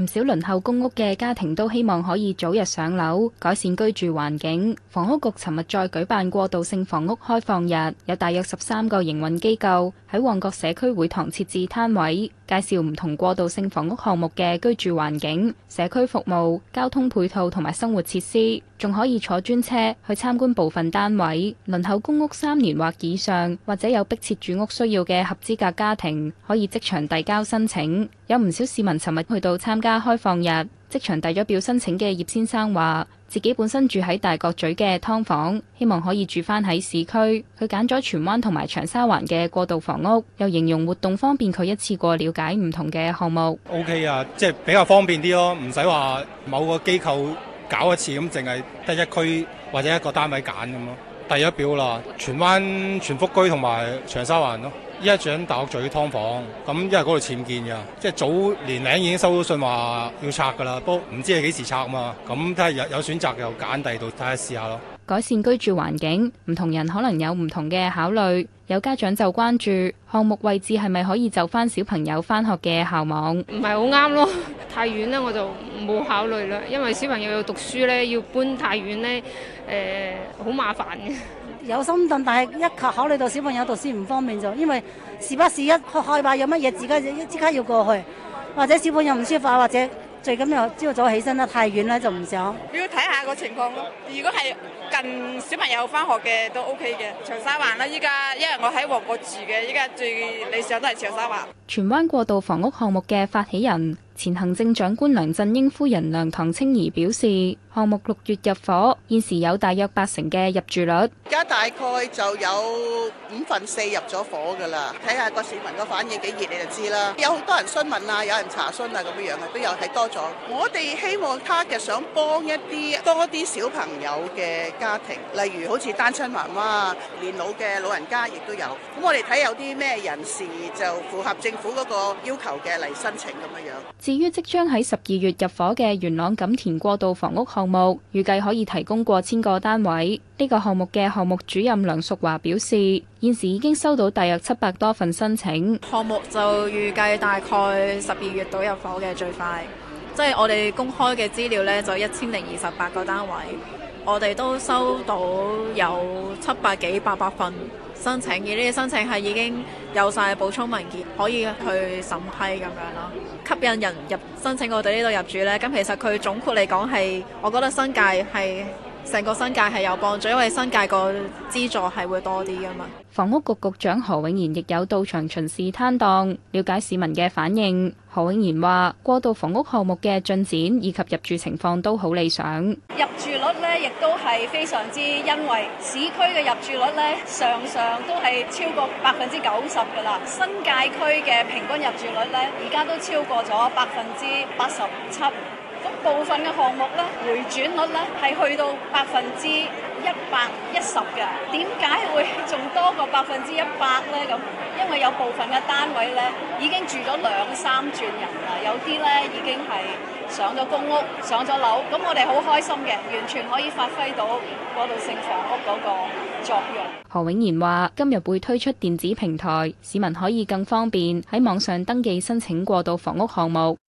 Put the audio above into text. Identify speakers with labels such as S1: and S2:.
S1: 唔少輪候公屋嘅家庭都希望可以早日上樓，改善居住環境。房屋局尋日再舉辦過渡性房屋開放日，有大約十三個營運機構，喺旺角社區會堂設置攤位，介紹唔同過渡性房屋項目嘅居住環境、社區服務、交通配套同埋生活設施，仲可以坐專車去參觀部分單位。輪候公屋三年或以上，或者有迫切住屋需要嘅合資格家庭，可以即場遞交申請。有唔少市民尋日去到參加開放日。即場遞咗表申請嘅葉先生話：自己本身住喺大角咀嘅劏房，希望可以住返喺市區。佢揀咗荃灣同埋長沙灣嘅過渡房屋，又形容活動方便佢一次過了解唔同嘅項目。O、
S2: okay, K 啊，即係比較方便啲咯，唔使話某個機構搞一次咁，淨係得一區或者一個單位揀咁咯。遞、啊、咗表啦，荃灣全福居同埋長沙灣咯。啊依家住喺大學聚劏房，咁因為嗰度僭建㗎，即係早年零已經收到信話要拆噶啦，不過唔知係幾時拆嘛。咁都係有有選擇，又揀第二度睇下試下咯。
S1: 改善居住環境，唔同人可能有唔同嘅考慮。有家長就關注項目位置係咪可以就返小朋友返學嘅校網？唔係好啱咯，太遠啦，我就冇考慮啦，因為小朋友要讀書咧，要搬太遠咧，誒、呃，好麻煩嘅。
S2: 有心水，但係一靠考慮到小朋友讀書唔方便就，因為時不時一開怕有乜嘢，自己即刻要過去，或者小朋友唔舒服，或者最緊要朝早起身咧，太遠咧，就唔想。
S3: 要睇下個情況咯，如果係近小朋友翻學嘅都 OK 嘅，長沙灣啦，依家因為我喺旺角住嘅，依家最理想都係長沙灣。
S1: 荃灣過渡房屋項目嘅發起人。前行政長官梁振英夫人梁唐清怡表示項目至於即將喺十二月入伙嘅元朗錦田過渡房屋項目，預計可以提供過千個單位。呢、這個項目嘅項目主任梁淑華表示，現時已經收到大約七百多份申請，
S3: 項目就預計大概十二月度入伙嘅最快。即、就、係、是、我哋公開嘅資料呢，就一千零二十八個單位，我哋都收到有七百幾八百份。申請，而呢啲申請係已經有晒補充文件，可以去審批咁樣囉。吸引人入申請，我哋呢度入住呢。咁其實佢總括嚟講係，我覺得新界係。成個新界係有幫助，因為新界個資助係會多啲噶嘛。
S1: 房屋局局長何永賢亦有到場巡視攤檔，了解市民嘅反應。何永賢話：過渡房屋項目嘅進展以及入住情況都好理想。
S2: 入住率呢亦都係非常之欣慰。市區嘅入住率呢，常常都係超過百分之九十噶啦。新界區嘅平均入住率呢，而家都超過咗百分之八十七。部分嘅項目咧，回轉率咧係去到百分之一百一十嘅。點解會仲多過百分之一百咧？咁因為有部分嘅單位咧已經住咗兩三轉人啦，有啲咧已經係上咗公屋、上咗樓，咁我哋好開心嘅，完全可以發揮到過渡性房屋嗰個作用。
S1: 何永賢話：今日會推出電子平台，市民可以更方便喺網上登記申請過渡房屋項目。